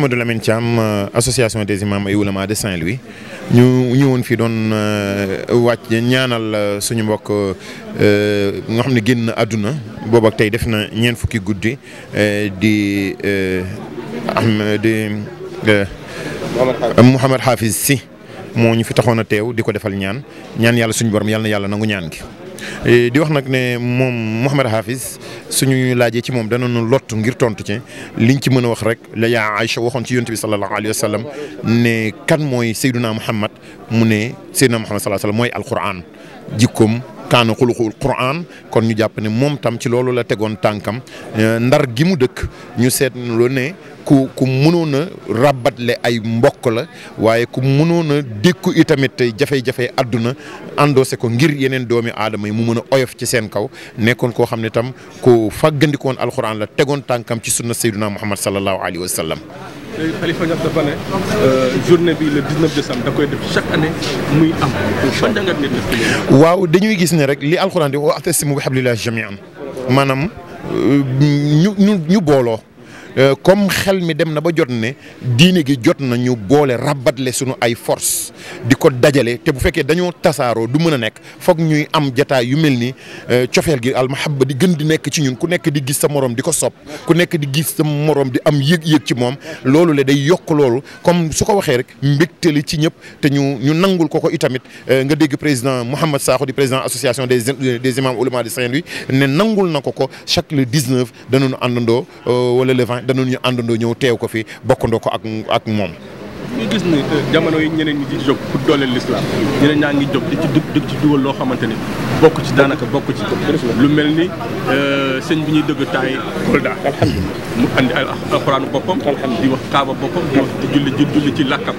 Mouhamadou Lamine Thiam euh, association des imams et oulémas de Saint-Louis ñu ñëwoon fii doon euh, wàcc ñaanal euh, suñu mbokk nga xam ne génn àdduna boobu tey def na ñeent fukki guddi di am di Hafiz si moo ñu fi taxoon a teew di ko defal ñaan ñaan yàlla suñu borom yàlla yàlla nangu ñaan gi di wax nag ne moom Mouhamad Hafiz suñu laajee ci moom danañu lot ngir tontu ci liñ ci mën a wax rek la yaa waxoon ci yonent bi sallallahu alayhi wa sallam ne kan mooy Seydina Muhammad mu ne Seydina Muhammad sallallahu alayhi wa sallam mooy alquran jikkoom kaanu xuluxul Qur'an kon ñu jàpp ne moom tam ci loolu la tegoon tànkam euh, ndar gi mu dëkk ñu seet lu ne ku ku mënoon a rabatle ay mbokk la waaye ku mënoon a dékku itamit jafe-jafe àdduna àndoose ko ngir yeneen doomi aadama yi mu mën a oyof ci seen kaw nekkoon koo xam ne tam ku fàggandikoon alxuraan la tegoon tànkam ci sunna sayyiduna Muhammad sallallahu alayhi wa sallam Khalifa Niass dafa ne euh, journée bi le 19 waaw dañuy gis ne rek li alxuraan di wa atasimu bi hablillahi jamian maanaam euh, ñu ñu ñu booloo. Euh, comme xel mi dem na ba jot ne diine gi jot na ñu boole rabatle suñu ay force di ko dajale te bu fekkee dañoo tasaaroo du mën a nekk foog ñuy am jataay yu mel ni euh, cofeel gi ba di gën di nekk ci ñun ku nekk di gis sa morom di ko sopp ku nekk di gis sa moroom di am yëg-yëg ci moom loolu la day yokk loolu comme su ko waxee rek mbégtali ci ñëpp te ñu ñu nangul ko ko itamit euh, nga dégg président Mouhamed Sakho di président association des des imams oulémas de Saint-Louis ne na ko ko chaque le 19 danañu àndandoo wala ah ñu àndandoo ñëw teew ko fi bokkandoo ko ak ak moom. ñu gis ni jamono yi ñeneen ñi di jóg pour dooleel lislaam ñeneen ñaa ngi jóg di ci dug ci dugal loo xamante ni bokk ci daanaka bokk ci lu mel ni euh, sëñ bi ñuy dëgg taay Kolda mu andi alxuraanu boppam di wax kaaba boppam di wax julli ji julli ci làkkam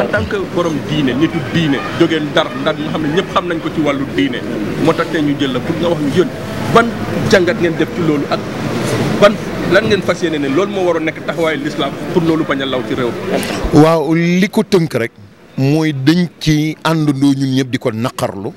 en tant que borom diine nitu diine jógee ndar ndar nga xam ne ñëpp xam nañ ko ci wàllu diine moo tax tey ñu jël la pour nga wax ñu yën ban jàngat ngeen def ci loolu ak ban lan ngeen fas yéene ne loolu moo waroo nekk taxawaayu lislaam pour loolu bañ law ci réew waaw li ko tënk rek mooy dañ ci àndandoo ñun ñëpp di ko naqarlu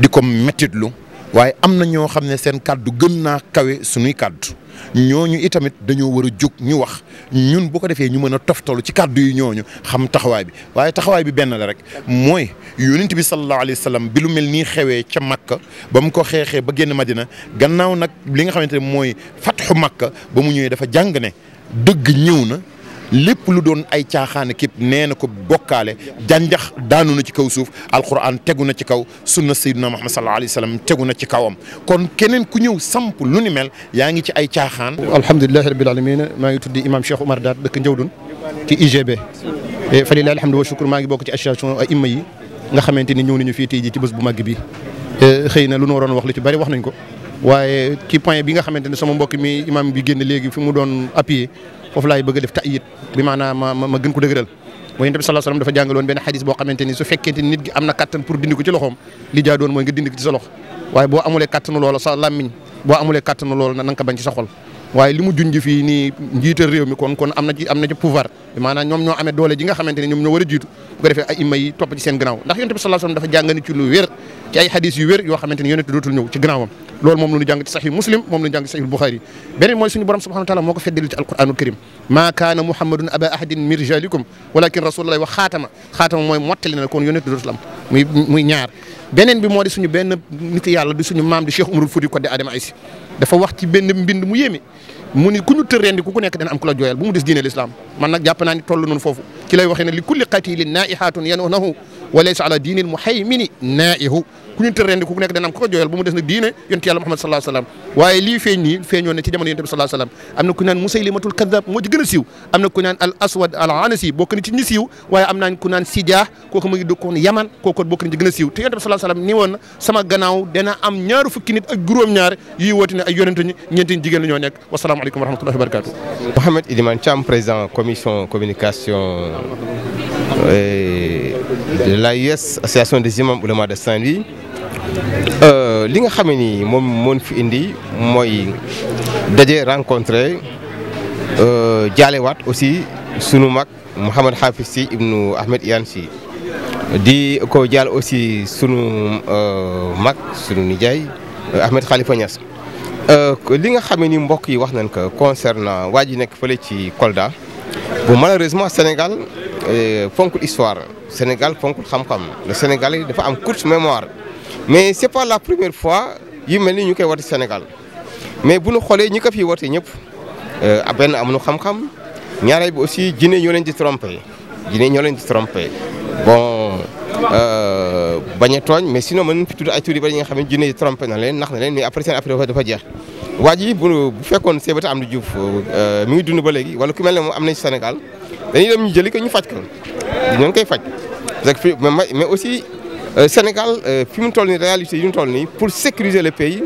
di ko mettitlu waaye am na ñoo xam ne seen kàddu gën naa kawe suñuy kàddu ñooñu itamit dañoo war a jóg ñu wax ñun boo ko defee ñu mën a toftalu ci kàddu yi ñooñu xam taxawaay bi waaye taxawaay bi benn la rek mooy yonent bi sallallahu alayhi wa sallam bi lu mel nii xewee ca Makka ba mu ko xeexee ba génn Madina gannaaw nag li nga xamante ne mooy fatxu Makka ba mu ñëwee dafa jàng ne dëgg ñëw na. lépp lu doon ay caaxaan képp nee na ko bokkaale janjax daanu na ci kaw suuf alquran tegu na ci kaw sunna sayyidina Muhammad sallallahu alayhi wa sallam tegu na ci kawam kon keneen ku ñëw samp lu ni mel yaa ngi ci ay caaxaan. alhamdulilahi rabbil alamin maa ngi tuddi imam Cheikh Oumar Daat dëkk Njawdun ci UGB eh, fa lillahi alhamdu wa shukr maa ngi bokk ci association ay imma yi nga xamante ni ñëw nañu fii tey ji ci bés bu màgg bi eh, xëy na lu nu waroon wax lu ci bari wax nañ ko waaye ci point bi nga xamante ne sama mbokk mi imam bi génn léegi fi mu doon appuyé foofu laay bëgg a def ta'yid bi maanaam ma ma gën ko dëgëral mooy yonent bi sallallahu alayhi wasallam dafa jàngaloon benn xadis boo xamante ni su fekkente nit gi am na kattan pour dindi ci loxoom li jaadoon mooy nga dindi ci sa waaye boo amulee kattanu loola sa làmmiñ boo amulee kattanu loola na nga ko bañ ci sa waaye li mu junj fii nii njiital réew mi kon kon am na ci am na ci pouvoir maanaam ñoom ñoo amee doole ji nga xamante ne ñoom ñoo a jiitu bu ko defee ay imma yi topp ci seen gannaaw ndax yonent bi muslim moom la ñu jàng ci sahih mooy suñu borom subhanahu wa taala moo ko feddali ci alquranul karim maa kaana muhammadun aba ahadin min rijalikum walakin rasulullahi wa xaatama xaatama mooy mottali na kon yonent dootul am muy muy ñaar beneen bi moo de suñu benn nit yàlla di suñu maam di Cheikh Umarul Fouti ko di Adama Aïssi dafa wax ci benn mbind mu yéeme mu ni ku ñu tër rendi ku ku nekk dana am ku jooyal bu mu des diine l'islam man nag jàpp naa ni toll noonu foofu ci lay waxee ne li kulli qatilin naihatun yanunahu walaysa ala diinil am ku ko a siiw am na ku naan al aswad al anasi bokk na ci ñi siiw waaye am naan ku naan sidia a siiw te yonent bi sallallahu alayhi wa sallam ni woon na ak juróom-ñaar yuy woote ne ay yonent ñi ñeenti jigéen la ñoo nekk wasalaamaaleykum wa rahmatullahi wa barakatuh Mouhamed Idimane Thiam président l'AIS association des imams oulémas de Saint-Louis euh, li nga xamee ni moom moon fi indi mooy daje rencontré euh, jaalewaat aussi sunu mag Mouhamad Hafiz Sy ibnu Ahmed Iyane Sy di ko jaal aussi sunu euh, mag sunu nijaay Ahmed Khalifa Niass li nga xamee ni mbokk yi wax nañ ko concernant waa ji nekk fële ci Kolda bu malheureusement Sénégal Euh, fonkul histoire Sénégal fonkul xam-xam le Sénégalais dafa am courte mémoire mais c'est pas la première fois yi mel ni ñu koy woote Sénégal mais bu ñu xoolee ñi ko fi woote ñëpp euh, benn amuñu xam-xam ñaareel bi aussi jinne ñoo leen di trompé jinne ñoo leen di trompé bon euh, bañ a tooñ mais sinon mën fi tudd ay tur yu bari yi nga xam ne jinne yi trompé na leen nax na leen mais après seen après waa ji bu bu fekkoon Sébata Amady Diouf mi ngi dund ba léegi wala ku mel ne moom am nañ Sénégal. dañuy dem ñu jëli ko ñu faj ko dinañ koy faj parce que mais aussi euh, Sénégal euh, fi mu toll nii réalité yi mu tol nii pour sécuriser le pays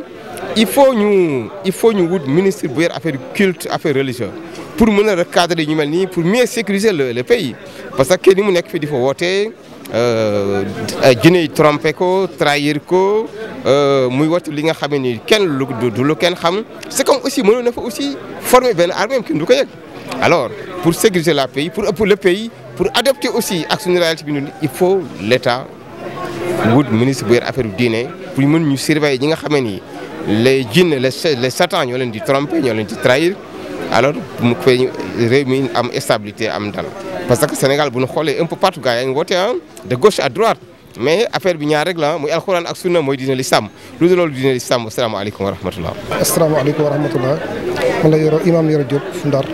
il faut ñu il faut ñu wut ministre bu yor affaire culte affaire religieux pour mën a recadrer ñu mel nii pour mieux sécuriser le le pays parce que kenn ni mu nekk fi di fa wootee euh, jinne yi trompé ko trahir ko muy wattu li nga xam ni kenn lu du lu kenn xam c'est comme aussi mënoon ne fa aussi former benn armée kenn du ko yëg. Alors, pour sécuriser la pays, pour, pour le pays, pour adopter aussi ak l'action réalité, il faut l'État, le ministre des Affaires Guinée, pour nous surveiller. Nous savons les djinns, les, les satans, ils ont trompé, ils ont trahir. Alors, nous pouvons réunir une stabilité. Parce que le Sénégal, nous un peu partout, de gauche à droite. mais affaire bi ñaar rek la muy alxuraan ak sunna mooy diine lislaam lu dul loolu diine lislaam asalaamaaleykum wa rahmatullah asalaamaaleykum wa rahmatullah man la yoro imam yoro Diop Ndar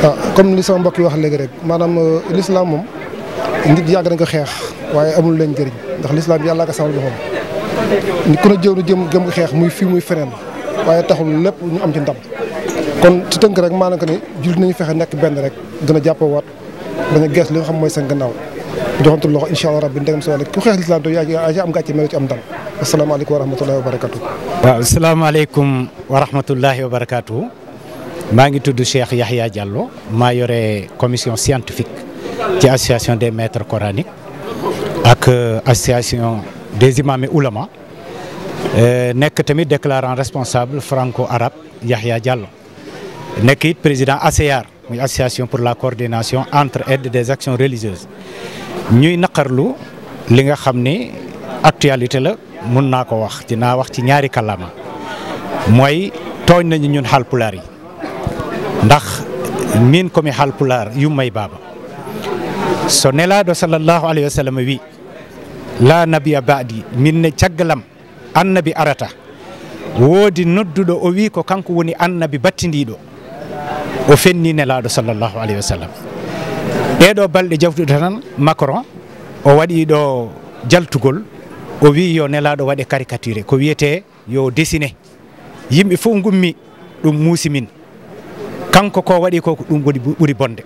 ah comme li mbokk yi wax léegi rek maanaam euh, l'islam moom nit yàgg nañ ko xeex waaye amul leen njëriñ ndax l'islam yàllaa ko samal boppam ni ku ne jëw nu jëm gëm xeex muy fii muy feneen waaye taxul lépp ñu am ci ndam kon ci tënk rek maanaam que ni jullit nañu fexe nekk benn rek gën a jàppoo waat bañ a gees li xam mooy seen gannaaw joxantu loxo incha allah rabbi ndegam soo ku xeex l'islam doo yaa ci am gàcce melo ci am ndam asalaamaaleykum wa rahmatullahi wa barakatu waaw asalaamaaleykum wa rahmatullahi wa barakatu maa ngi tudd Cheikh Yahya Diallo maa yore commission scientifique ci association des maitres coraniques ak euh, association des imams et oulama euh, nekk tamit déclarant responsable franco arab Yahya Diallo nekk it président ACAR muy association pour la coordination entre aide des actions religieuses ñuy naqarlu li nga xam ni actualité la mun naa ko wax dinaa wax ci ñaari kàllaama mooy tooñ nañu ñun Haalpulaar yi. ndax min komi halpular yumma e so nelaɗo sallllahu alayhi wa sallam wi nabiya baadi minne caggalam annabi arata woodi nodduɗo o wi ko kanko woni annabi battidiɗo o fenni nelaɗo sallllahu alayhi wa sallam e balɗe jawtuɗe tan macron o waɗi ɗo jaltugol o wi yo nelaɗo waɗe caricature ko wiyete yo dessine yimɓe fof gummi ɗum muusi min kanko ko waɗi ko ko ɗum woni ɓuri bonde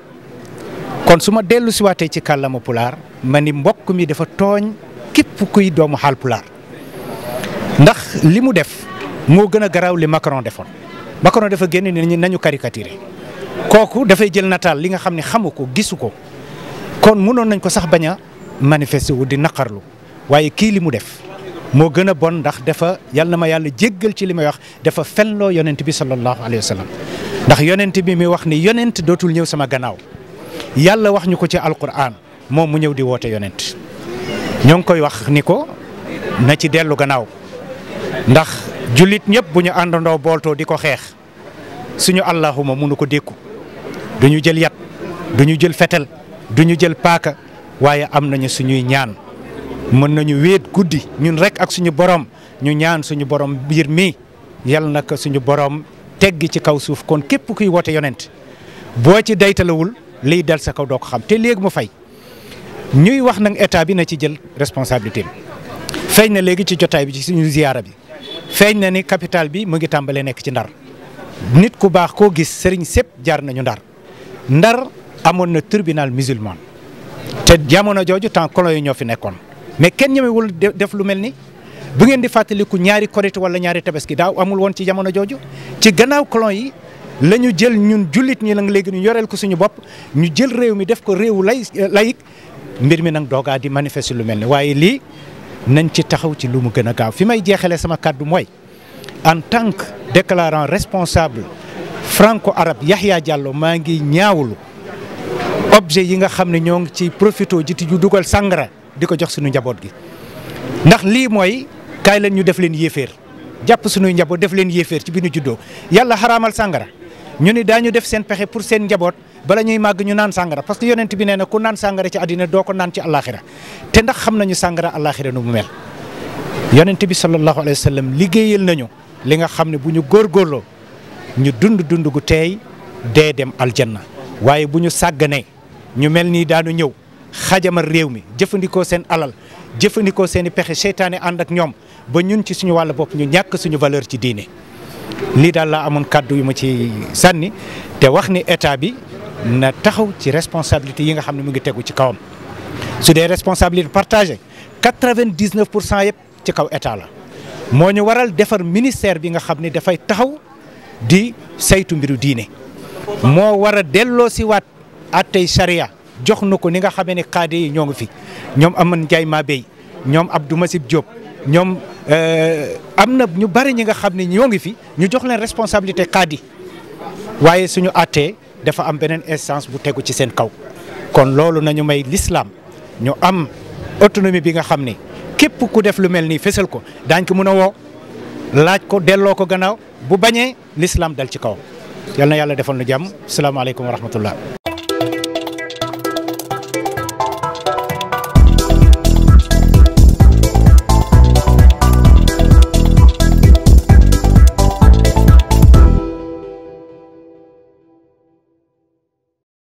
kono suma dellu siwate ci kallama pular mani mbokkumi dafa tooñ képp kuy doomu haal pular ndax li mu def moo gën a garaaw li Macron defoon Macron dafa génn ni nañu caricaturé kooku dafay jël nataal li nga xam ne xamu ko gisu ko kon munoon nañ ko sax bañ a manifester wu di naqarlu waaye kii li mu def moo gën a bon ndax dafa yal na ma yàlla jéggal ci li may wax dafa fenloo yonent bi sallallahu alayhi wa sallam ndax yonent bi mi wax ni yonent dootul ñëw sama gannaaw yàlla wax ñu ko ci alquran moom mu ñëw di woote yonent ñoo ngi koy wax ni ko na ci dellu gannaaw ndax jullit ñëpp bu ñu àndandoo booltoo di ko xeex suñu allahuma mënu ko dékku du ñu jël yat du ñu jël fetel du ñu jël paaka waaye am nañu suñuy ñaan mën nañu wéet guddi ñun rek ak suñu borom ñu ñaan suñu borom mbir mi yal na suñu boroom tegg ci kaw suuf kon képp kuy woote yonent boo ci daytalawul liy dal sa kaw doo ko xam te léegi mu fay ñuy wax nag état bi na ci jël responsabilité feeñ na léegi ci jotaay bi ci suñu ziyaara bi feeñ na ni capital bi mu ngi tàmbalee nekk ci ndar nit ku baax koo gis sëriñ sëpp jaar nañu ndar ndar amoon na tribunal musulman te jamono jooju temps colon yi ñoo fi nekkoon mais kenn ñemewul def lu mel ni bu ngeen di fàttaliku ñaari korite wala ñaari tabaski daaw amul woon ci jamono jooju ci gannaaw kolon yi la ñu jël ñun jullit ñi nag léegi ñu yoreel ko suñu bopp ñu jël réew mi def ko réewu lay layik mbir mi nag doogaa di manifester lu mel ni waaye lii nañ ci taxaw ci lu mu gën a gaaw fi may jeexalee sama kàddu mooy en tant que déclarant responsable franco arabe Yahya jàlloo maa ngi ñaawlu objet yi nga xam ne ñoo ngi ci profito ji ti ju dugal sangara di ko jox suñu njaboot gi ndax kaay leen ñu def leen yéeféer jàpp suñuy njaboot def leen yéeféer ci bi ñu juddoo yàlla xaraamal sàngara ñu ni ñu def seen pexe pour seen njaboot bala ñuy màgg ñu naan sàngara parce que yonent bi nee na ku naan sàngara ci àddina doo ko naan ci àllaaxira te ndax xam nañu sàngara àllaaxira nu mu mel yonent bi sallallahu alayhi wa liggéeyeel liggéeyal nañu li nga xam ne bu ñu góorgóorloo ñu dund dund gu teey dee dem aljanna waaye bu ñu sàgganee ñu mel nii daanu ñëw xajamal réew mi jëfandikoo seen alal jëfandikoo seen i pexe seytaane ànd ak ñoom ba ñun ci suñu wàll bopp ñu ñàkk suñu valeur ci diine lii daal la amoon kàddu yu ma ci sànni te wax ni état bi na taxaw ci responsabilité yi nga xam ne mu ngi tegu ci kawam su dee responsabilité partagée quatre-vingt-dix-neuf pour cent yëpp ci kaw état la moo ñu waral defar ministère bi nga xam ne dafay taxaw di saytu mbiru diine moo war a delloo si waat attey charia jox nu ko ni nga xamee ne xaade yi ñoo nga fi ñoom Aman Ndiaye Mabey ñoom Abdou Masib Diop ñoom Euh, am na ñu bari ñi nga xam ne ñoo ngi fi ñu jox leen responsabilité kaadi waaye suñu àttee dafa am beneen instance bu tegu ci seen kaw kon loolu nañu may lislaam ñu am autonomie bi nga xam ni képp ku def lu mel nii fésal ko daañ ko mën a woo laaj ko delloo ko gannaaw bu bañee l'islam dal ci kawam yal na yàlla defal nu jàmm salaamaaleykum wa rahmatullah